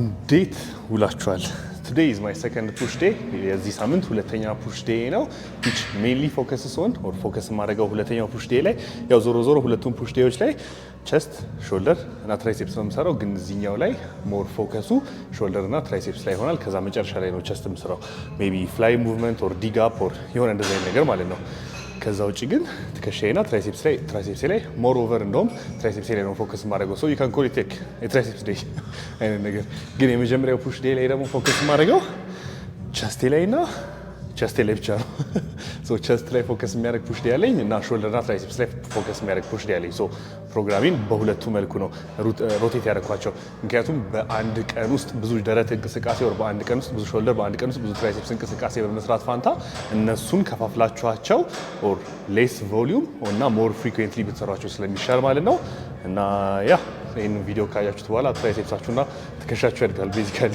እንዴት ውላችኋል? ቱዴይ ኢዝ ማይ ሰከንድ ፑሽ ዴ። የዚህ ሳምንት ሁለተኛ ፑሽ ዴ ነው። ዊች ሜንሊ ፎከስ ሲሆን ኦር ፎከስ የማደርገው ሁለተኛው ፑሽ ዴ ላይ ያው ዞሮ ዞሮ ሁለቱም ፑሽ ዴዎች ላይ ቸስት ሾልደር እና ትራይሴፕስ ነው የምሰራው፣ ግን እዚኛው ላይ ሞር ፎከሱ ሾልደር እና ትራይሴፕስ ላይ ይሆናል። ከዛ መጨረሻ ላይ ነው ቸስት የምሰራው ሜይ ቢ ፍላይ ሙቭመንት ኦር ዲግ አፕ ኦር የሆነ እንደዚህ አይነት ነገር ማለት ነው። ከዛ ውጭ ግን ትከሻዬና ትራይሴፕስ ላይ ሞር ኦቨር እንደውም ትራይሴፕስ ላይ ነው ፎከስ የማደርገው። ሶ ዩካን ኮል ቴክ የትራይሴፕስ ዴይ አይነት ነገር። ግን የመጀመሪያው ፑሽ ዴይ ላይ ደግሞ ፎከስ የማደርገው ቸስቴ ላይ እና ቸስቴ ላይ ብቻ ነው። ቸስት ላይ ፎከስ የሚያደርግ ፑሽ ዴይ አለኝ እና ሾልደርና ትራይሴፕስ ላይ ፎከስ የሚያደርግ ፑሽ ዴይ አለኝ። ፕሮግራሚን በሁለቱ መልኩ ነው ሮቴት ያደረኳቸው። ምክንያቱም በአንድ ቀን ውስጥ ብዙ ደረት እንቅስቃሴ ወር በአንድ ቀን ውስጥ ብዙ ሾልደር፣ በአንድ ቀን ውስጥ ብዙ ትራይሴፕስ እንቅስቃሴ በመስራት ፋንታ እነሱን ከፋፍላችኋቸው ኦር ሌስ ቮሊዩም እና ሞር ፍሪኩዌንትሊ ብትሰሯቸው ስለሚሻል ማለት ነው እና ያ ይህን ቪዲዮ ካያችሁት በኋላ ትራይሴፕሳችሁና ትከሻችሁ ያድጋል ቤዚካሊ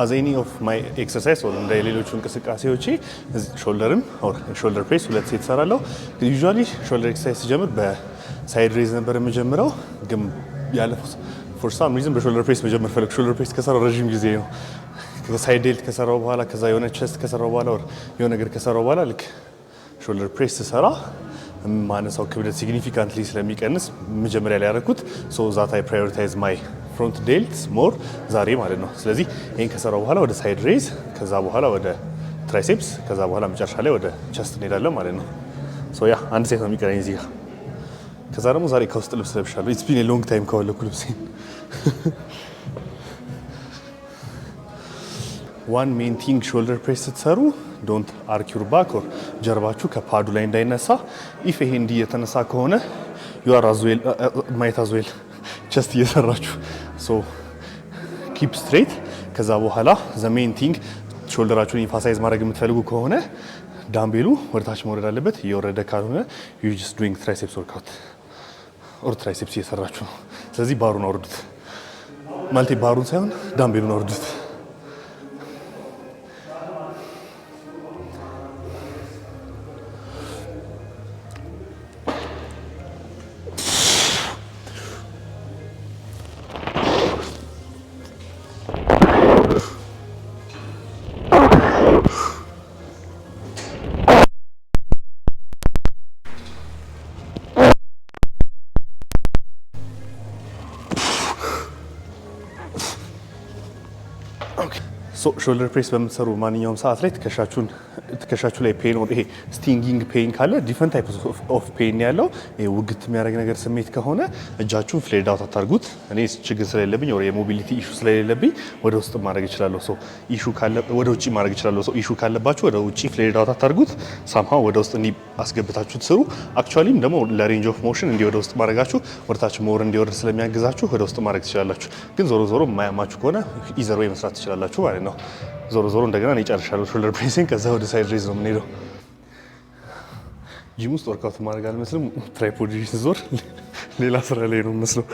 አዝ ኤኒ ኦፍ ማይ ኤክሰርሳይዝ ወይም እንደ ሌሎቹ እንቅስቃሴዎቼ ሾልደርም ሾልደር ፕሬስ ሁለት ሴት እሰራለሁ። ዩዥዋሊ ሾልደር ኤክሰርሳይዝ ሲጀምር በሳይድ ሬዝ ነበር የምጀምረው፣ ግን ያለፈው ፎር ሳም ሪዝን በሾልደር ፕሬስ መጀመር ፈለግ። ሾልደር ፕሬስ ከሰራው ረዥም ጊዜ ነው። ሳይድ ዴልት ከሰራው በኋላ ከዛ የሆነ ቸስት ከሰራው በኋላ የሆነ ነገር ከሰራው በኋላ ልክ ሾልደር ፕሬስ ስሰራ ማነሳው ክብደት ሲግኒፊካንትሊ ስለሚቀንስ መጀመሪያ ላይ ያደረኩት ሶ ዛት አይ ፕራዮሪታይዝ ማይ ፍሮንት ዴልት ሞር ዛሬ ማለት ነው። ስለዚህ ይህን ከሰራው በኋላ ወደ ሳይድ ሬዝ፣ ከዛ በኋላ ወደ ትራይሴፕስ፣ ከዛ በኋላ መጨረሻ ላይ ወደ ቸስት እንሄዳለን ማለት ነው። ሶ ያ አንድ ሴት ነው የሚቀረኝ እዚህ ጋር። ከዛ ደግሞ ዛሬ ከውስጥ ልብስ ለብሻለሁ። ኢትስ ቢን ሎንግ ታይም ከወለኩ ልብሴን። ዋን ሜን ቲንግ ሾልደር ፕሬስ ስትሰሩ ዶንት አርክ ባክ ኦር ጀርባችሁ ከፓዱ ላይ እንዳይነሳ። ኢፍ ይሄ እንዲህ የተነሳ ከሆነ ዩ አር አዝ ዌል ማየት አዝ ዌል ቸስት እየሰራችሁ ኪፕ ስትሬት። ከዛ በኋላ ዘሜን ቲንግ ሾልደራችሁን ኢንፋሳይዝ ማድረግ የምትፈልጉ ከሆነ ዳምቤሉ ወደታች መውረድ አለበት። እየወረደ ካልሆነ ዩ ጀስት ዱዊንግ ትራይሴፕስ ወርካውት ኦር ትራይሴፕስ እየሰራችሁ ነው። ስለዚህ ባሩን አውርዱት፣ ማለቴ ባሩን ሳይሆን ዳምቤሉን አውርዱት። ሾልደር ፕሬስ በምትሰሩ ማንኛውም ሰዓት ላይ ትከሻችሁን ትከሻችሁ ላይ ፔን ይሄ ስቲንጊንግ ፔን ካለ ዲፈረንት ታይፕ ኦፍ ፔን ያለው ውግት የሚያደርግ ነገር ስሜት ከሆነ እጃችሁን ፍሌድ አውት አታርጉት። እኔ ችግር ስለሌለብኝ የሞቢሊቲ ኢሹ ስለሌለብኝ ወደ ውስጥ ማድረግ እችላለሁ። ሶ ኢሹ ካለ ወደ ውጭ ማድረግ እችላለሁ። ሶ ኢሹ ካለባችሁ ወደ ውጭ ፍሌድ አውት አታርጉት። ሳምሃ ወደ ውስጥ እንዲ አስገብታችሁ ትስሩ። አክቹአሊም ደግሞ ለሬንጅ ኦፍ ሞሽን እንዲ ወደ ውስጥ ማድረጋችሁ ወደታች ሞር እንዲወርድ ስለሚያግዛችሁ ወደ ውስጥ ማድረግ ትችላላችሁ። ግን ዞሮ ዞሮ የማያማችሁ ከሆነ ኢዘር ወይ መስራት ትችላላችሁ ማለት ነው። ዞሮ ዞሮ እንደገና እኔ እጨርሻለሁ ሾልደር ፕሬሲንግ፣ ከዛ ወደ ሳይድ ሬዝ ነው የምንሄደው። ጂም ውስጥ ወርካውት ማድረግ አልመስልም። ትራይፖድ ዞር ሌላ ስራ ላይ ነው መስለው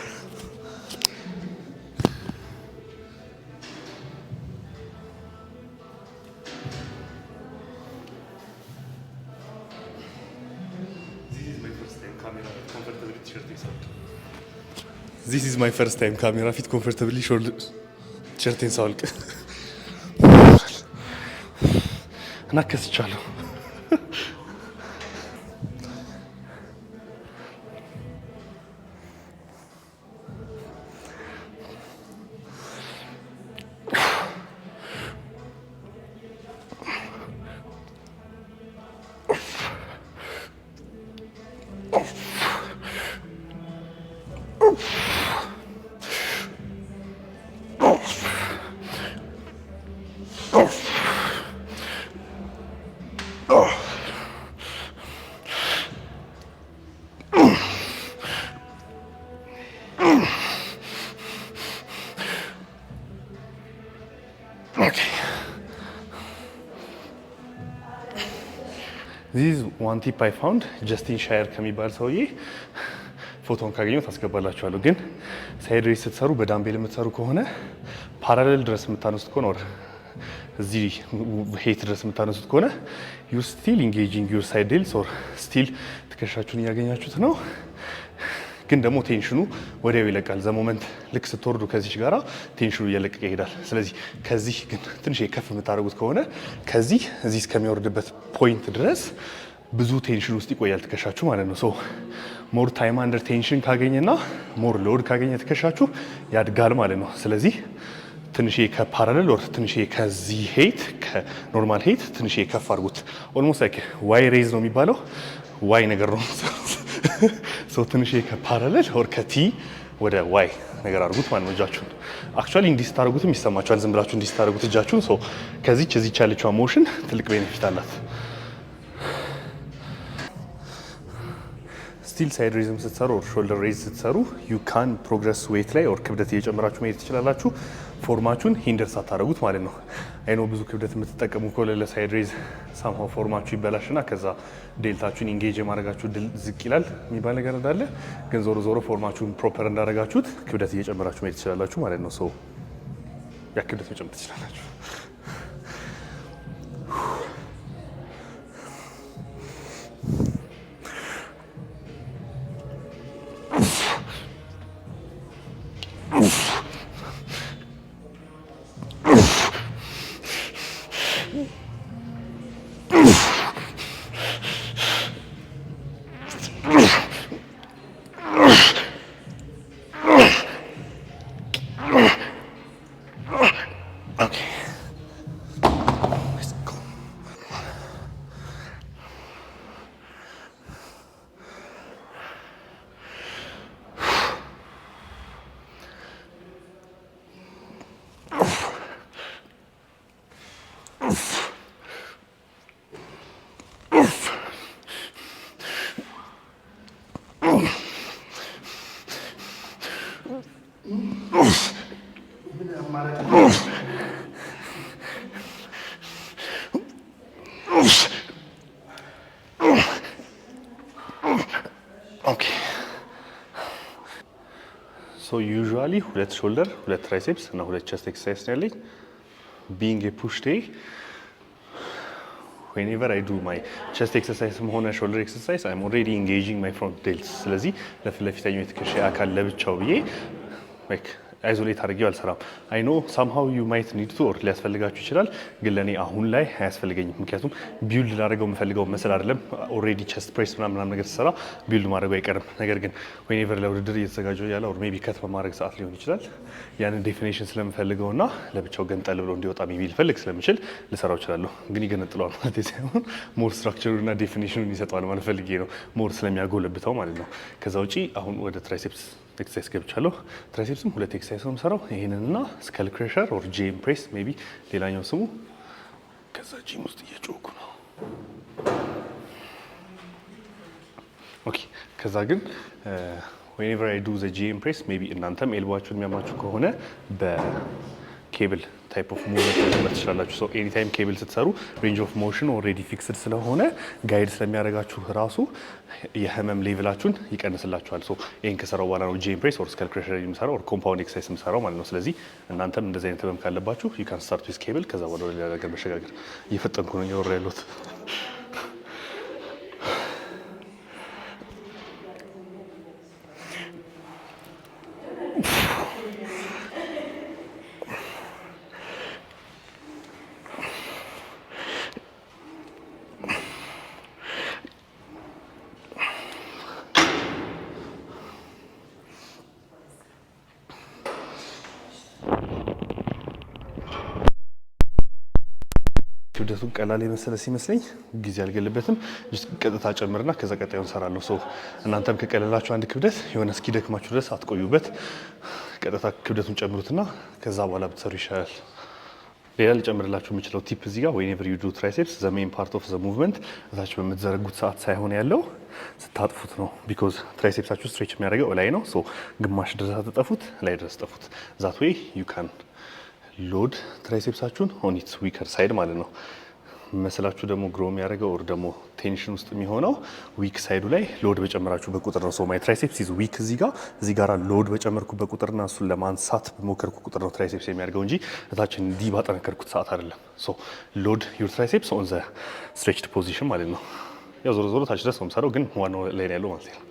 ዚስ ኢዝ ማይ ፈርስት ታይም ካሜራ ፊት ኮምፎርታብሊ ሾልደር ቲሸርቴን ሳወልቅ እና ከስቻለሁ። ዋን ቲፕ አይ ፋውንድ ጀስቲን ሻየር ከሚባል ሰውዬ ፎቶን ካገኘው ታስገባላችኋለሁ። ግን ሳይድ ሬስ ስትሰሩ በዳምቤል የምትሰሩ ከሆነ ፓራሌል ድረስ የምታነሱት ከሆነ ወር እዚህ ሄት ድረስ የምታነሱት ከሆነ ዩር ስቲል ኢንጌጂንግ ዩር ሳይድ ዴልስ ኦር ስቲል ትከሻችሁን እያገኛችሁት ነው። ግን ደግሞ ቴንሽኑ ወዲያው ይለቃል። ዘሞመንት ልክ ስትወርዱ ከዚች ጋራ ቴንሽኑ እየለቀቀ ይሄዳል። ስለዚህ ከዚህ ግን ትንሽ የከፍ የምታደርጉት ከሆነ ከዚህ እዚህ እስከሚወርድበት ፖይንት ድረስ ብዙ ቴንሽን ውስጥ ይቆያል ትከሻችሁ ማለት ነው። ሰው ሞር ታይም አንደር ቴንሽን ካገኘና ሞር ሎድ ካገኘ ትከሻችሁ ያድጋል ማለት ነው። ስለዚህ ትንሽ ከፓራለል ወር ትንሽ ከዚህ ሄይት ከኖርማል ሄይት ትንሽ ከፍ አድርጉት። ኦልሞስት ላይክ ዋይ ሬዝ ነው የሚባለው ዋይ ነገር ነው። ሶ ትንሽ ከፓራለል ወር ከቲ ወደ ዋይ ነገር አድርጉት ማለት ነው። እጃችሁን አክቹዋሊ እንዲህ ስታደርጉትም ይሰማችኋል። ዝም ብላችሁ እንዲህ ስታደርጉት እጃችሁን ከዚች እዚች ያለችዋ ሞሽን ትልቅ ቤኔፊት አላት። ስቲል ሳይድ ሬዝም ስትሰሩ ኦር ሾልደር ሬዝ ስትሰሩ ዩ ካን ፕሮግረስ ዌት ላይ ኦር ክብደት እየጨመራችሁ መሄድ ትችላላችሁ። ፎርማችሁን ሂንደር ሳታደረጉት ማለት ነው። አይኖ ብዙ ክብደት የምትጠቀሙ ከሆነ ለሳይድ ሬዝ ሳምሆ ፎርማችሁ ይበላሽና ከዛ ዴልታችሁን ኢንጌጅ የማድረጋችሁ ድል ዝቅ ይላል የሚባል ነገር እንዳለ ግን ዞሮ ዞሮ ፎርማችሁን ፕሮፐር እንዳደረጋችሁት ክብደት እየጨመራችሁ መሄድ ትችላላችሁ ማለት ነው። ሰው ያ ክብደት መጨመር ትችላላችሁ። ሁለት ሾልደር፣ ሁለት ትራይሴፕስ እና ሁለት ቸስት ኤክሰርሳይዝ ነው ያለኝ። ቢንግ ፑሽ ዴይ ዌንኤቨር አይ ዱ ማይ ቸስት ኤክሰርሳይዝም ሆነ ሾልደር ኤክሰርሳይዝ አም ኦልሬዲ ኢንጌጂንግ ማይ ፍሮንት ዴልስ። ስለዚህ ለፊት ለፊተኛው የትከሻ አካል ለብቻው ብዬ አይዞሌት አድርጌው አልሰራም። አይኖ ሳምሃው ዩ ማይት ኒድ ቱ ኦር ሊያስፈልጋችሁ ይችላል፣ ግን ለእኔ አሁን ላይ አያስፈልገኝም። ምክንያቱም ቢውልድ ላደርገው የምፈልገው መስል አይደለም። ኦልሬዲ ቸስት ፕሬስ ምናምን ነገር ስሰራ ቢውልድ ማድረጉ አይቀርም። ነገር ግን ወይኔቨር ለውድድር እየተዘጋጀው ያለ ኦር ሜይ ቢ ከት በማድረግ ሰዓት ሊሆን ይችላል ያንን ዴፊኔሽን ስለምፈልገው እና ለብቻው ገንጠል ብሎ እንዲወጣ ሜይ ቢ ልፈልግ ስለምችል ልሰራው እችላለሁ። ግን ይገነጥለዋል ማለት ሳይሆን ሞር ስትራክቸሩን እና ዴፊኔሽኑን ይሰጠዋል ማለት ፈልጌ ነው። ሞር ስለሚያጎለብተው ማለት ነው። ከዛ ውጪ አሁን ወደ ትራይሴፕስ ኤክሰርሳይስ ገብቻለሁ። ትራይሴፕስም ሁለት ኤክሰርሳይስ ነው የምሰራው፣ ይህንንና ስከል ክሬሸር ኦር ጂም ፕሬስ ሜይ ቢ ሌላኛው ስሙ። ከዛ ጂም ውስጥ እየጮኩ ነው። ኦኬ። ከዛ ግን ዌንኤቨር አይ ዱ ዘ ጂም ፕሬስ ሜይ ቢ እናንተም ኤልቧችሁን የሚያማችሁ ከሆነ በ ኬብል ታይፕ ኦፍ ሙቭመንት መጀመር ትችላላችሁ። ሰው ታይም ኬብል ስትሰሩ ሬንጅ ኦፍ ሞሽን ኦልሬዲ ፊክስድ ስለሆነ ጋይድ ስለሚያደርጋችሁ ራሱ የህመም ሌቭላችሁን ይቀንስላችኋል። ሶ ይህን ከሰራው በኋላ ነው ጄም ፕሬስ ኦር ስካል ክሬሽን የሚሰራው ኦር ኮምፓውንድ ኤክሳይዝ የሚሰራው ማለት ነው። ስለዚህ እናንተም እንደዚህ አይነት ህመም ካለባችሁ ዩ ካን ስታርት ዊዝ ኬብል ከዛ በኋላ ሌላ ነገር መሸጋገር። እየፈጠንኩ ነው እያወራ ያለሁት ቀላል የመሰለ ሲመስለኝ ጊዜ አልገለበትም። ቀጥታ ጨምርና ከዛ ቀጣዩ እንሰራለሁ። ሰው እናንተም ከቀለላችሁ አንድ ክብደት የሆነ እስኪደክማችሁ ድረስ አትቆዩበት። ቀጥታ ክብደቱን ጨምሩትና ከዛ በኋላ ብትሰሩ ይሻላል። ሌላ ልጨምርላችሁ የምችለው ቲፕ እዚህ ጋር ወይኔቨር ዩ ዱ ትራይሴፕስ ዘ ሜን ፓርት ኦፍ ዘ ሙቭመንት እታች በምትዘረጉት ሰዓት ሳይሆን ያለው ስታጥፉት ነው። ቢኮዝ ትራይሴፕሳችሁ ስትሬች የሚያደርገው ላይ ነው። ሶ ግማሽ ድረስ አትጠፉት፣ ላይ ድረስ ጠፉት። ዛት ዌይ ዩ ካን ሎድ ትራይሴፕሳችሁን ኦን ኢትስ ዊከር ሳይድ ማለት ነው። መስላችሁ ደግሞ ግሮ የሚያደርገው ወር ደግሞ ቴንሽን ውስጥ የሚሆነው ዊክ ሳይዱ ላይ ሎድ በጨመራችሁ በቁጥር ነው። ሶ ማይ ትራይሴፕስ ኢዝ ዊክ እዚህ ጋር እዚህ ጋር ሎድ በጨመርኩ በቁጥርና እሱን ለማንሳት በሞከርኩ ቁጥር ነው ትራይሴፕስ የሚያደርገው እንጂ እታችን እንዲህ ባጠነከርኩት ሰዓት አይደለም። ሶ ሎድ ዩር ትራይሴፕስ ኦን ዘ ስትሬችድ ፖዚሽን ማለት ነው። ያው ዞሮ ዞሮ ታች ድረስ ነው የምሰራው፣ ግን ዋናው ላይ ያለው ማለት ነው።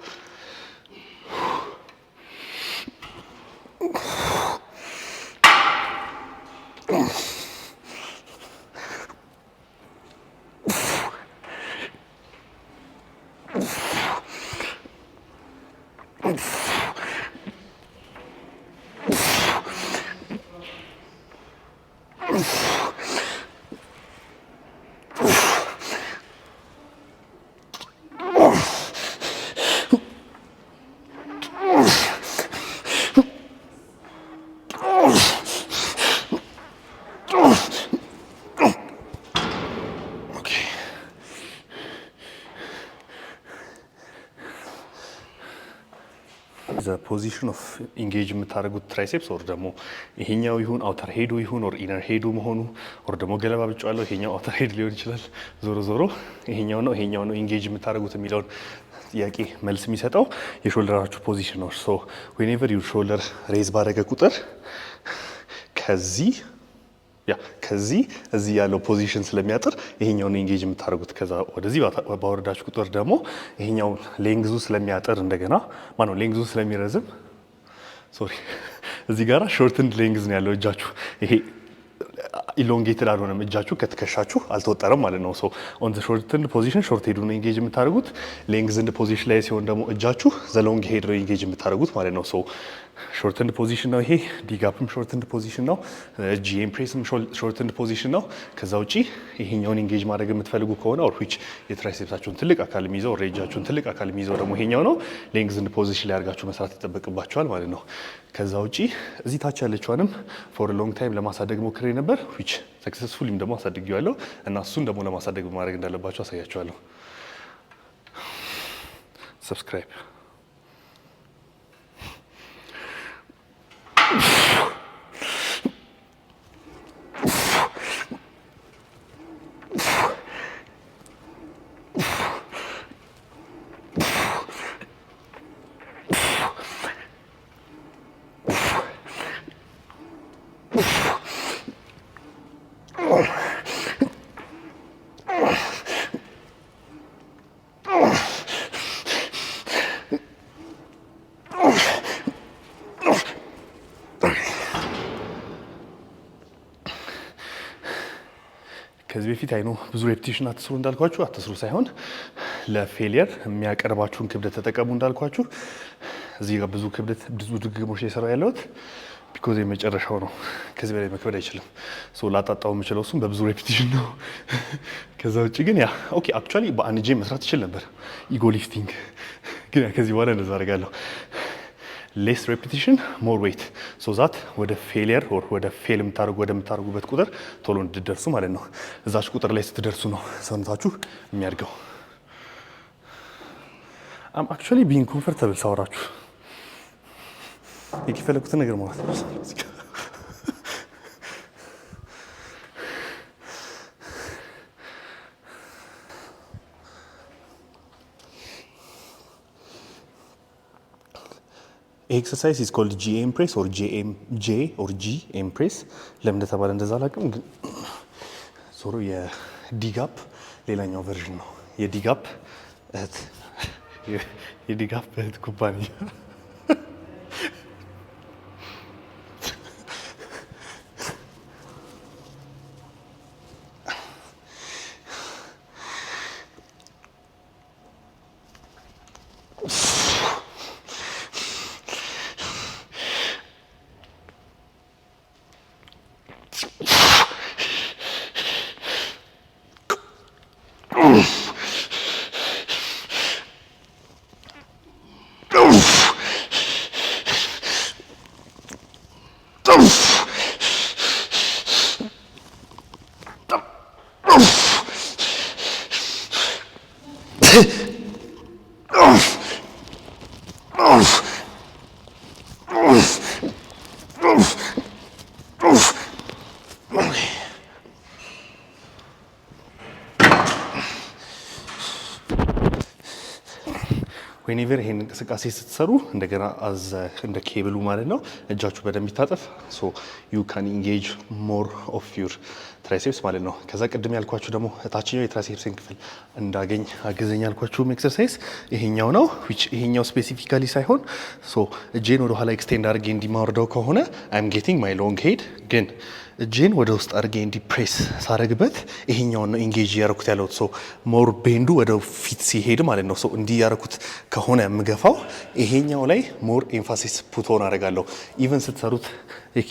ፖዚሽን ኦፍ ኢንጌጅ የምታደርጉት ትራይሴፕስ ኦር ደግሞ ይሄኛው ይሁን አውተር ሄዱ ይሁን ኦር ኢነር ሄዱ መሆኑ ኦር ደግሞ ገለባ ብጫዋለው ይሄኛው አውተር ሄድ ሊሆን ይችላል። ዞሮ ዞሮ ይሄኛው ነው ይሄኛው ነው ኢንጌጅ የምታደርጉት የሚለውን ጥያቄ መልስ የሚሰጠው የሾልደራችሁ ፖዚሽን ነው። ሶ ዌኔቨር ዩ ሾልደር ሬዝ ባደረገ ቁጥር ከዚህ ያ ከዚህ እዚህ ያለው ፖዚሽን ስለሚያጥር ይሄኛውን ኤንጌጅ የምታደርጉት ከዛ ወደዚህ ባወረዳችሁ ቁጥር ደግሞ ይሄኛው ሌንግዙ ስለሚያጥር እንደገና ማነው ሌንግዙ ስለሚረዝም ሶሪ እዚህ ጋራ ሾርትንድ ሌንግዝ ነው ያለው እጃችሁ ይሄ ኢሎንጌትድ አልሆነም። እጃችሁ ከትከሻችሁ አልተወጠረም ማለት ነው። ሰው ኦን ዘ ሾርት ኤንድ ፖዚሽን ሾርት ሄዱ ነው ኢንጌጅ የምታደርጉት። ሌንግዝ ኤንድ ፖዚሽን ላይ ሲሆን ደግሞ እጃችሁ ዘ ሎንግ ሄድ ነው ኢንጌጅ የምታደርጉት ማለት ነው። ሰው ሾርት ኤንድ ፖዚሽን ነው ይሄ። ዲጋፕም ሾርት ኤንድ ፖዚሽን ነው። ጂኤም ፕሬስም ሾርት ኤንድ ፖዚሽን ነው። ከዛ ውጪ ይሄኛውን ኢንጌጅ ማድረግ የምትፈልጉ ከሆነ ኦር ዊች የትራይሴፕሳችሁን ትልቅ አካል የሚይዘው ኦር የእጃችሁን ትልቅ አካል የሚይዘው ደግሞ ይሄኛው ነው። ሌንግዝ ኤንድ ፖዚሽን ላይ አድርጋችሁ መስራት ይጠበቅባችኋል ማለት ነው። ከዛ ውጪ እዚህ ታች ያለችዋንም ፎር ሎንግ ታይም ለማሳደግ ሞክሬ ነበር። ነበር ዊች ሰክሰስፉሊም ደግሞ አሳድግ አሳድጌዋለሁ እና እሱን ደግሞ ለማሳደግ ማድረግ እንዳለባቸው አሳያቸዋለሁ። ሰብስክራይብ ከዚህ በፊት አይኑ ብዙ ሬፕቲሽን አትስሩ እንዳልኳችሁ አትስሩ ሳይሆን ለፌሊየር የሚያቀርባችሁን ክብደት ተጠቀሙ እንዳልኳችሁ እዚህ ጋር ብዙ ክብደት ብዙ ድግግሞች የሰራ ያለሁት ቢኮዝ የመጨረሻው ነው። ከዚህ በላይ መክበድ አይችልም። ላጣጣው የምችለው እሱም በብዙ ሬፕቲሽን ነው። ከዛ ውጭ ግን ያ ኦኬ፣ አክቹዋሊ በአንድ ጄ መስራት ይችል ነበር ኢጎ ሊፍቲንግ፣ ግን ከዚህ በኋላ እንደዛ አደርጋለሁ። ሌስ ሬፒቲሽን ሞር ዌይት ሶ ዛት ወደ ፌሊየር ኦር ወደ ፌል የምታደርጉ ወደምታደርጉበት ቁጥር ቶሎ እንድደርሱ ማለት ነው። እዛች ቁጥር ላይ ስትደርሱ ነው ሰውነታችሁ የሚያድገው። አም አክቹዋሊ ቢንግ ኮንፈርተብል ሳወራችሁ የፈለኩትን ነገር ማለት ነው። ይሄ ኤክሰርሳይዝ ኢዝ ኮልድ ጂኤም ፕሬስ ኦር ጂኤም ፕሬስ። ለምን እንደተባለ እንደዛ አላውቅም፣ ግን ዞሮ የዲጋፕ ሌላኛው ቨርዥን ነው። የዲጋፕ እህት የዲጋፕ እህት ኩባንያ Oof. ሪቨር ይሄን እንቅስቃሴ ስትሰሩ እንደገና አዘ እንደ ኬብሉ ማለት ነው እጃችሁ በደንብ ይታጠፍ። ሶ ዩ ካን ኢንጌጅ ሞር ኦፍ ዩር ትራይሴፕስ ማለት ነው። ከዛ ቅድም ያልኳችሁ ደግሞ ታችኛው የትራይሴፕስን ክፍል እንዳገኝ አግዘኝ ያልኳችሁም ኤክሰርሳይዝ ይሄኛው ነው። ዊች ይሄኛው ስፔሲፊካሊ ሳይሆን ሶ እጄን ወደኋላ ኤክስቴንድ አድርጌ እንዲማወርደው ከሆነ አይም ጌቲንግ ማይ ሎንግ ሄድ ግን እጄን ወደ ውስጥ አድርጌ እንዲፕሬስ ሳደርግበት ይሄኛውን ነው ኢንጌጅ እያደረኩት ያለሁት። ሶ ሞር ቤንዱ ወደ ፊት ሲሄድ ማለት ነው። ሶ እንዲህ ያደረኩት ከሆነ የምገፋው ይሄኛው ላይ ሞር ኤንፋሲስ ፑቶን አደርጋለሁ። ኢቨን ስትሰሩት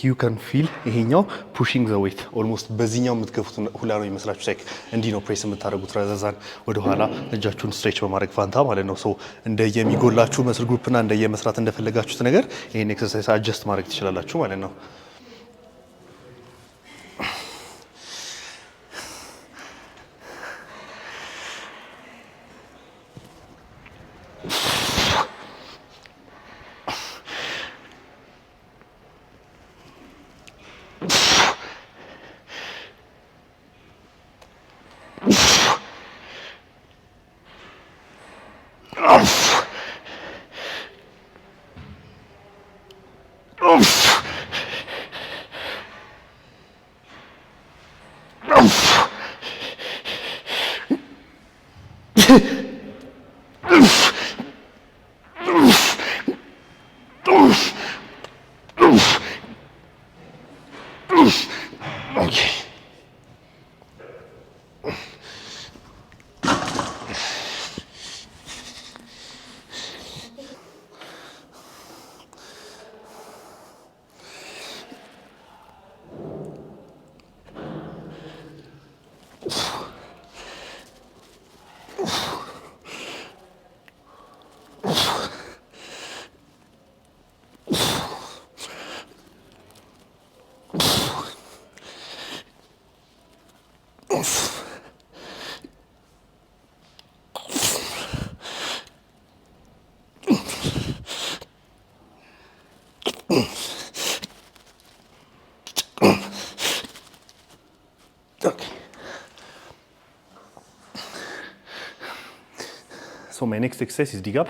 ዩ ከን ፊል ይሄኛው ፑሽንግ ዘ ዌት ኦልሞስት በዚህኛው የምትገፉት ሁላ ነው ይመስላችሁ። ሳይክ እንዲህ ነው ፕሬስ የምታደርጉት ረዘዛን ወደኋላ እጃችሁን ስትሬች በማድረግ ፋንታ ማለት ነው። ሶ እንደየሚጎላችሁ መስል ግሩፕና እንደየመስራት እንደፈለጋችሁት ነገር ይህን ኤክሰርሳይዝ አጀስት ማድረግ ትችላላችሁ ማለት ነው። ሶ ማይ ኔክስት ኤክሰርሳይዝ ዲጋፕ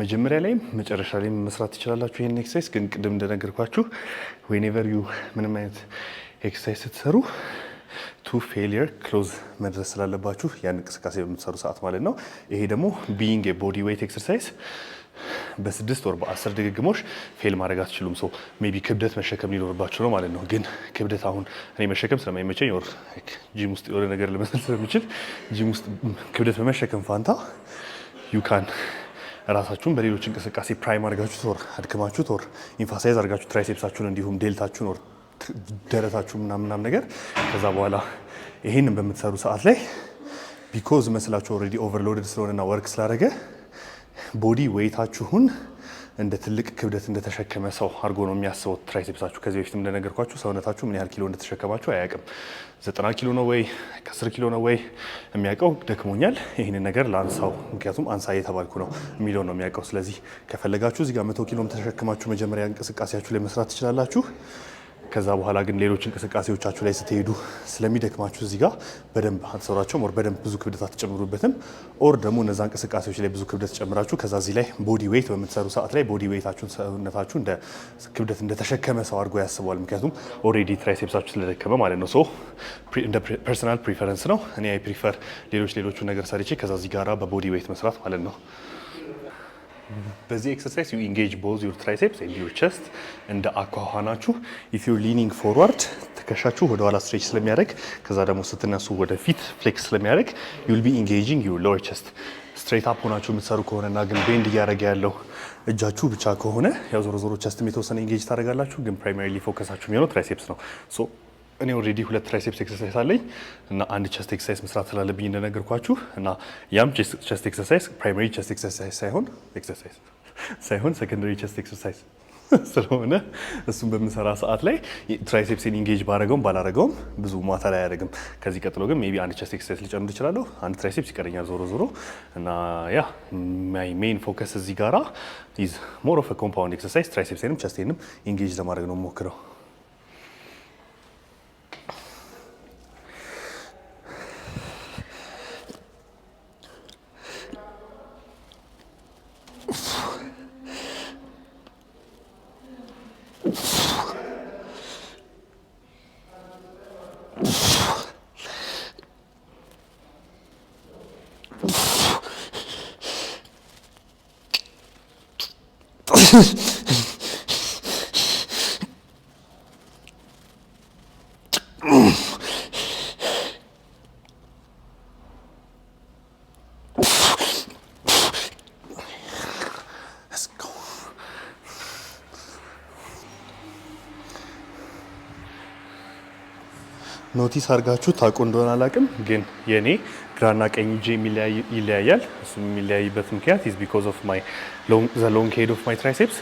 መጀመሪያ ላይም መጨረሻ ላይ መስራት ትችላላችሁ። ይህን ኤክሰርሳይዝ ግን ቅድም እንደነገርኳችሁ ዌኔቨር ዩ ምንም አይነት ኤክሰርሳይዝ ስትሰሩ ቱ ፌሊየር ክሎዝ መድረስ ስላለባችሁ ያን እንቅስቃሴ በምትሰሩ ሰዓት ማለት ነው። ይሄ ደግሞ ቢይንግ የቦዲ ዌይት ኤክሰርሳይዝ በስድስት ወር በአስር ድግግሞች ፌል ማድረግ አትችሉም። ሰው ሜይ ቢ ክብደት መሸከም ሊኖርባቸው ነው ማለት ነው። ግን ክብደት አሁን እኔ መሸከም ስለማይመቸኝ ወር ጂም ውስጥ የሆነ ነገር ልመስል ስለምችል ጂም ውስጥ ክብደት በመሸከም ፋንታ ዩካን ራሳችሁን በሌሎች እንቅስቃሴ ፕራይም አድርጋችሁት ወር አድክማችሁት ወር ኢንፋሳይዝ አድርጋችሁ ትራይሴፕሳችሁን እንዲሁም ዴልታችሁን ወር ደረታችሁ ምናምናም ነገር ከዛ በኋላ ይሄንን በምትሰሩ ሰዓት ላይ ቢኮዝ መስላችሁ ኦልሬዲ ኦቨርሎድድ ስለሆነና ወርክ ስላደረገ ቦዲ ወይታችሁን እንደ ትልቅ ክብደት እንደተሸከመ ሰው አድርጎ ነው የሚያስበው። ትራይሴፕሳችሁ ከዚህ በፊትም እንደነገርኳችሁ ሰውነታችሁ ምን ያህል ኪሎ እንደተሸከማችሁ አያውቅም። ዘጠና ኪሎ ነው ወይ ከአስር ኪሎ ነው ወይ የሚያውቀው ደክሞኛል፣ ይህንን ነገር ለአንሳው፣ ምክንያቱም አንሳ እየተባልኩ ነው የሚለው ነው የሚያውቀው። ስለዚህ ከፈለጋችሁ እዚህ ጋር መቶ ኪሎም ተሸክማችሁ መጀመሪያ እንቅስቃሴያችሁ ላይ መስራት ትችላላችሁ። ከዛ በኋላ ግን ሌሎች እንቅስቃሴዎቻችሁ ላይ ስትሄዱ ስለሚደክማችሁ እዚህ ጋር በደንብ አትሰሯቸውም፣ ኦር በደንብ ብዙ ክብደት አትጨምሩበትም። ኦር ደግሞ እነዛ እንቅስቃሴዎች ላይ ብዙ ክብደት ጨምራችሁ ከዛ እዚህ ላይ ቦዲ ዌይት በምትሰሩ ሰዓት ላይ ቦዲ ዌይታችሁን ሰውነታችሁ እንደ ክብደት እንደተሸከመ ሰው አድርጎ ያስበዋል። ምክንያቱም ኦልሬዲ ትራይሴፕሳችሁ ስለደከመ ማለት ነው። ሶ እንደ ፐርሰናል ፕሪፈረንስ ነው። እኔ አይ ፕሪፈር ሌሎች ሌሎቹ ነገር ሰርቼ ከዛ እዚህ ጋራ በቦዲ ዌይት መስራት ማለት ነው። በዚህ ኤክሰርሳይዝ ዩ ኢንጌጅ ቦዝ ዩር ትራይሴፕስ ኤንድ ዩር ቸስት እንደ አኳኋናችሁ። ኢፍ ዩ ሊኒንግ ፎርዋርድ ትከሻችሁ ወደ ኋላ ስትሬች ስለሚያደርግ ከዛ ደግሞ ስትነሱ ወደ ፊት ፍሌክስ ስለሚያደርግ ዩ ዩል ቢ ኢንጌጂንግ ዩር ሎወር ቸስት። ስትሬት አፕ ሆናችሁ የምትሰሩ ከሆነና ግን ቤንድ እያደረገ ያለው እጃችሁ ብቻ ከሆነ ያው ዞሮ ዞሮ ቸስትም የተወሰነ ኢንጌጅ ታደርጋላችሁ፣ ግን ፕራይማሪሊ ፎከሳችሁ የሚሆነው ትራይሴፕስ ነው ሶ እኔ ኦልሬዲ ሁለት ትራይሴፕስ ኤክሰርሳይዝ አለኝ እና አንድ ቸስት ኤክሰርሳይዝ መስራት ስላለብኝ እንደነገርኳችሁ እና ያም ቸስት ኤክሰርሳይዝ ፕራይማሪ ቸስት ኤክሰርሳይዝ ሳይሆን ኤክሰርሳይዝ ሳይሆን ሰከንደሪ ቸስት ኤክሰርሳይዝ ስለሆነ እሱን በምንሰራ ሰዓት ላይ ትራይሴፕሴን ኢንጌጅ ባረገውም ባላረገውም ብዙ ማታ ላይ አያደርግም። ከዚህ ቀጥሎ ግን ሜይ ቢ አንድ ቸስት ኤክሰርሳይዝ ሊጨምር እችላለሁ። አንድ ትራይሴፕስ ይቀረኛል ዞሮ ዞሮ እና ያ ማይ ሜይን ፎከስ እዚህ ጋራ ኢዝ ሞር ኦፍ ኮምፓውንድ ኤክሰርሳይዝ ትራይሴፕሴንም ቸስቴንም ኢንጌጅ ለማድረግ ነው ሞክረው ኖቲስ አድርጋችሁ ታውቁ እንደሆነ አላውቅም፣ ግን የኔ ግራና ቀኝ እጄ ይለያያል። እሱም የሚለያይበት ምክንያት ኢዝ ቢኮዝ ኦፍ ማይ long, the long head of my triceps.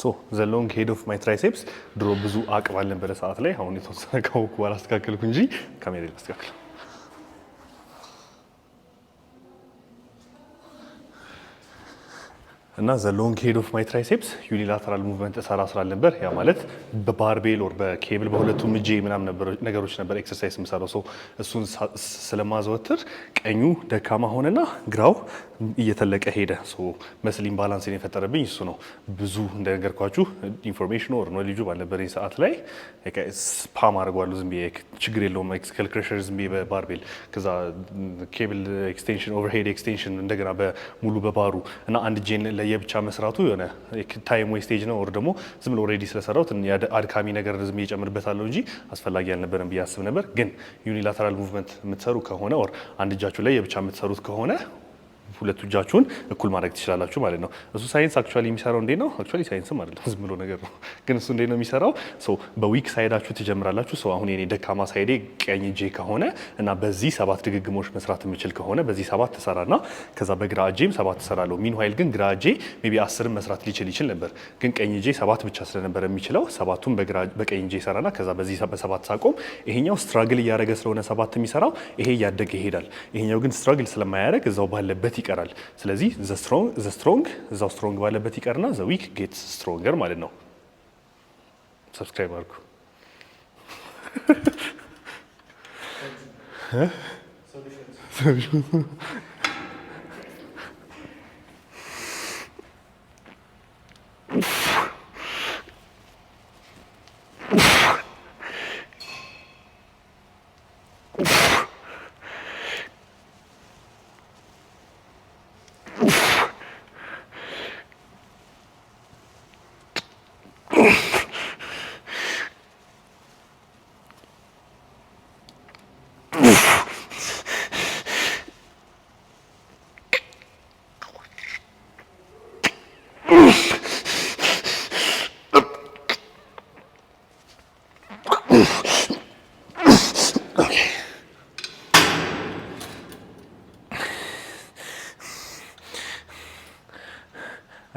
ሶ ዘ ሎንግ ሄድ ኦፍ ማይ ትራይሴፕስ ድሮ ብዙ አቅባለን በለ ሰዓት ላይ አሁን የተወሰነ ካወኩ አላስተካከልኩ እንጂ ካሜራ ላስተካክል እና ዘ ሎንግ ሄድ ኦፍ ማይ ትራይሴፕስ ዩኒላተራል ሙቭመንት እሰራ ነበር። ያ ማለት በባርቤል ኦር በኬብል በሁለቱም እጄ ምናም ነገሮች ነበር ኤክሰርሳይዝ የምሰራው ሰው እሱን ስለማዘወትር ቀኙ ደካማ ሆነና ግራው እየተለቀ ሄደ። መስል ኢምባላንስን የፈጠረብኝ እሱ ነው። ብዙ እንደነገርኳችሁ ኢንፎርሜሽን ኦር ኖሌጁ ባልነበረኝ ሰዓት ላይ ፓም አድርጓለሁ። ዝም ችግር የለውም ኤክስከል ክረሸር ዝም በባርቤል ከዛ ኬብል ኤክስቴንሽን ኦቨርሄድ ኤክስቴንሽን እንደገና በሙሉ በባሩ እና አንድ እጄን የብቻ መስራቱ የሆነ ታይም ዌስቴጅ ነው። ኦር ደግሞ ዝም ብሎ ኦልሬዲ ስለሰራሁት አድካሚ ነገር ዝም እየጨምርበታለሁ እንጂ አስፈላጊ አልነበረም ብዬ አስብ ነበር። ግን ዩኒላተራል ሙቭመንት የምትሰሩ ከሆነ ወር አንድ እጃችሁ ላይ የብቻ የምትሰሩት ከሆነ ሁለቱ እጃችሁን እኩል ማድረግ ትችላላችሁ ማለት ነው። እሱ ሳይንስ አክቹዋሊ የሚሰራው እንዴት ነው? አክቹዋሊ ሳይንስም አይደለም ዝም ብሎ ነገር ነው፣ ግን እሱ እንዴት ነው የሚሰራው? ሰው በዊክ ሳይዳችሁ ትጀምራላችሁ። ሰው አሁን የኔ ደካማ ሳይዴ ቀኝ እጄ ከሆነ እና በዚህ ሰባት ድግግሞች መስራት የምችል ከሆነ በዚህ ሰባት ትሰራና ከዛ በግራ እጄም ሰባት ትሰራለሁ። ሚንዋይል ግን ግራ እጄ ሜይ ቢ አስርም መስራት ሊችል ይችል ነበር፣ ግን ቀኝ እጄ ሰባት ብቻ ስለነበር የሚችለው ሰባቱን በቀኝ እጄ ይሰራና ከዛ በዚህ በሰባት ሳቆም ይሄኛው ስትራግል እያደረገ ስለሆነ ሰባት የሚሰራው ይሄ እያደገ ይሄዳል። ይሄኛው ግን ስትራግል ስለማያደረግ እዛው ባለበት ይቀራል። ስለዚህ ዘ ስትሮንግ እዛው ስትሮንግ ባለበት ይቀርና ዘ ዊክ ጌት ስትሮንገር ማለት ነው። ሰብስክራይብ አድርጉ።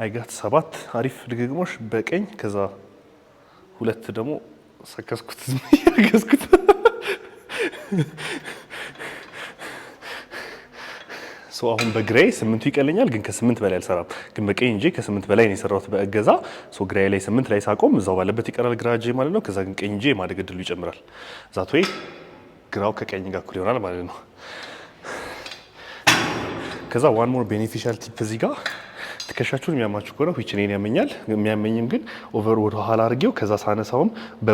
አይጋት ሰባት አሪፍ ድግግሞሽ በቀኝ ከዛ ሁለት ደግሞ ሰከስኩት ያገዝኩት አሁን በግራዬ ስምንቱ ይቀለኛል፣ ግን ከስምንት በላይ አልሰራም። ግን በቀኝ እንጂ ከስምንት በላይ ነው የሰራሁት በእገዛ ግራዬ ላይ ስምንት ላይ ሳቆም እዛው ባለበት ይቀራል ግራ እጄ ማለት ነው። ከዛ ግን ቀኝ እጄ የማደግ እድሉ ይጨምራል። ዛት ወይ ግራው ከቀኝ ጋር እኩል ይሆናል ማለት ነው። ከዛ ዋን ሞር ቤኔፊሻል ቲፕ እዚህ ጋር ትከሻችሁን የሚያማችሁ ከሆነ ዊች እኔን ያመኛል። የሚያመኝም ግን ኦቨር ወደ ኋላ አድርጌው ከዛ ሳነሳውም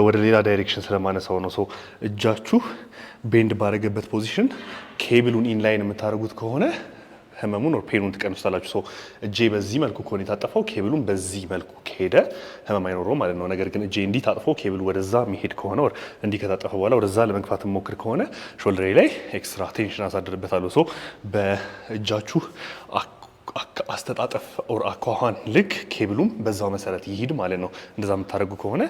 ወደ ሌላ ዳይሬክሽን ስለማነሳው ነው። ሰው እጃችሁ ቤንድ ባደረገበት ፖዚሽን ኬብሉን ኢንላይን የምታደርጉት ከሆነ ህመሙን ኦር ፔኑን ትቀንሱታላችሁ። ሰው እጄ በዚህ መልኩ ከሆነ የታጠፈው ኬብሉን በዚህ መልኩ ከሄደ ህመም አይኖረው ማለት ነው። ነገር ግን እጄ እንዲህ ታጥፎ ኬብሉ ወደዛ መሄድ ከሆነ ኦር እንዲህ ከታጠፈ በኋላ ወደዛ ለመግፋት ሞክር ከሆነ ሾልደሬ ላይ ኤክስትራ ቴንሽን አሳድርበታለሁ። ሰው በእጃችሁ አስተጣጠፍ ኦር አኳኋን ልክ ኬብሉም በዛው መሰረት ይሄድ ማለት ነው። እንደዛ የምታደርጉ ከሆነ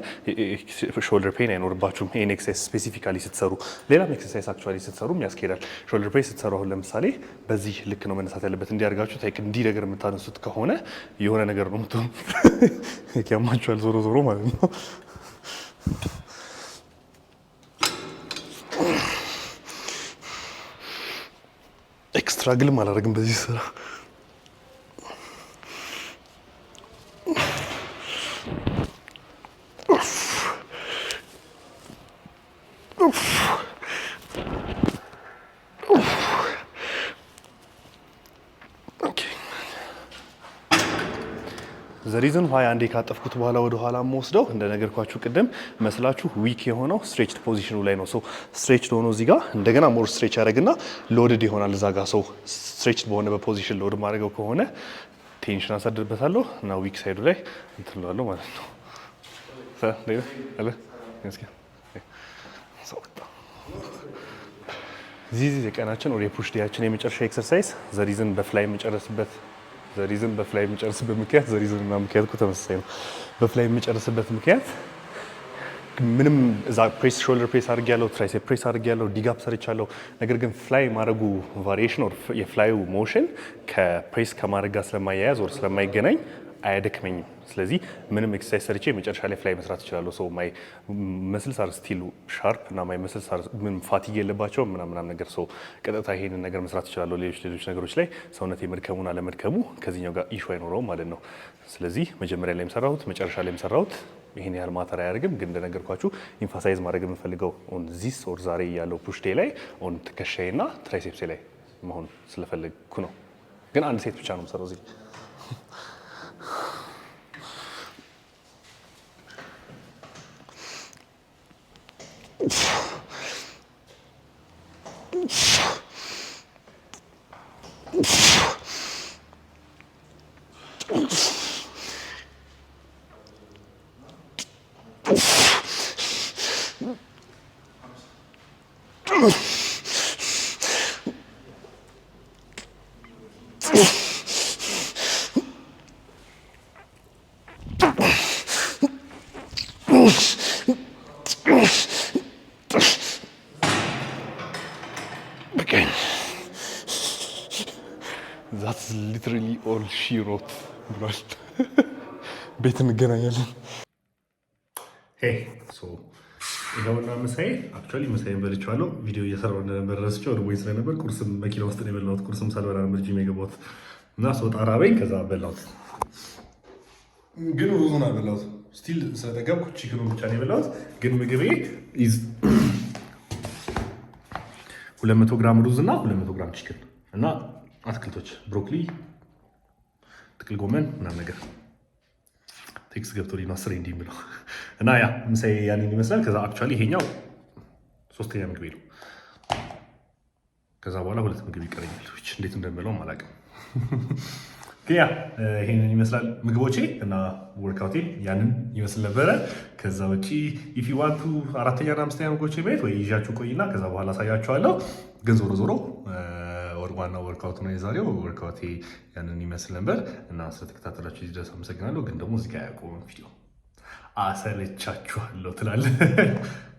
ሾልደር ፔን አይኖርባችሁም። ይሄን ኤክሰርሳይዝ ስፔሲፊካሊ ስትሰሩ፣ ሌላም ኤክሰርሳይዝ አክቹዋሊ ስትሰሩም ያስኬዳል። ሾልደር ፔን ስትሰሩ አሁን ለምሳሌ በዚህ ልክ ነው መነሳት ያለበት። እንዲያርጋችሁ ታይክ እንዲህ ነገር የምታነሱት ከሆነ የሆነ ነገር ነው ምቱ ያማችኋል፣ ዞሮ ዞሮ ማለት ነው። ግልም አላደርግም በዚህ ስራ ሪዝን ዋይ አንዴ ካጠፍኩት በኋላ ወደ ኋላ የምወስደው እንደነገርኳችሁ ቅድም መስላችሁ ዊክ የሆነው ስትሬችድ ፖዚሽኑ ላይ ነው። ሶ ስትሬችድ ሆኖ እዚህ ጋር እንደገና ሞር ስትሬች ያደረግና ሎድድ ይሆናል እዛ ጋር። ሶ ስትሬችድ በሆነ በፖዚሽን ሎድ ማድረገው ከሆነ ቴንሽን አሳድርበታለሁ እና ዊክ ሳይዱ ላይ እንትን ማለት ነው። ዚዚ የቀናችን ወደ ፑሽ ዲያችን የመጨረሻ ኤክሰርሳይዝ ዘሪዝን በፍላይ የምጨረስበት ዘሪዝን በፍላይ የምጨርስበት ምክንያት ዘሪዝን እና ምክንያት ተመሳሳይ ነው። በፍላይ የምጨርስበት ምክንያት ምንም እዛ ፕሬስ ሾልደር ፕሬስ አድርግ ያለው ትራይሴፕ ፕሬስ አድርግ ያለው ዲጋፕ ያለው ነገር ግን ፍላይ ማድረጉ ቫሪዬሽን የፍላዩ ሞሽን ከፕሬስ ከማድረግ ጋር ስለማያያዝ ወር ስለማይገናኝ አያደክመኝም። ስለዚህ ምንም ኤክሰርሳይዝ ሰርቼ መጨረሻ ላይ ፍላይ መስራት እችላለሁ። ሰው ማይ መስልስ አር ስቲል ሻርፕ እና ማይ መስልስ አር ምንም ፋቲግ የለባቸው ምናምናም ነገር ሰው ቀጥታ ይሄንን ነገር መስራት እችላለሁ። ሌሎች ሌሎች ነገሮች ላይ ሰውነት የመድከሙን አለመድከሙ ከዚህኛው ጋር ኢሹ አይኖረውም ማለት ነው። ስለዚህ መጀመሪያ ላይ የሰራሁት መጨረሻ ላይ የሰራሁት ይሄን ያህል ማተር አያደርግም። ግን እንደነገርኳችሁ ኢንፋሳይዝ ማድረግ የምፈልገው ኦን ዚስ ኦር ዛሬ ያለው ፑሽ ፑሽቴ ላይ ኦን ትከሻዬ እና ትራይሴፕሴ ላይ መሆን ስለፈለግኩ ነው። ግን አንድ ሴት ብቻ ነው የምሰራው እዚህ Yeah. ሺሮት ብሏል። ቤት እንገናኛለን። ይኸውና ምሳዬ አክቹዋሊ ምሳዬን በልቼዋለሁ። ቪዲዮ እየሰራሁ እንደነበር ረስቼው ወደ ቦይ ስለነበር ቁርስም መኪና ውስጥ ነው የበላሁት። ቁርስም ሳልበላ ነበር ጂም የገባሁት እና ስወጣ ራበኝ። ከዛ በላሁት፣ ግን ሩዙን አልበላሁት። ስቲል ስለጠገብኩ ቺክኑ ብቻ ነው የበላሁት። ግን ምግቤ ሁለት መቶ ግራም ሩዝ እና ሁለት መቶ ግራም ቺክን እና አትክልቶች ብሮኮሊ ጥቅል ጎመን ምናምን ነገር ቴክስት ገብቶ ነው አስሬ እንዲህ የሚለው እና ያ ምሳዬ ያንን ይመስላል። ከዛ አክቹዋሊ ይሄኛው ሶስተኛ ምግቤ ነው። ከዛ በኋላ ሁለት ምግብ ይቀረኛል። እንዴት እንደምለውም አላውቅም። ያ ይሄንን ይመስላል ምግቦቼ እና ወርካውቴ ያንን ይመስል ነበረ። ከዛ ውጪ ኢፊ ዋንቱ አራተኛና አምስተኛ ምግቦቼ ቤት ወይ ይዣችሁ ቆይና ከዛ በኋላ አሳያችኋለሁ። ግን ዞሮ ዞሮ ወር ዋናው ወርክአውት ነው የዛሬው ወርክአውቴ ያንን ይመስል ነበር እና ስለተከታተላችሁ እዚህ ድረስ አመሰግናለሁ። ግን ደግሞ እዚጋ ጋ ቪዲዮ አሰለቻችኋለሁ ትላለህ።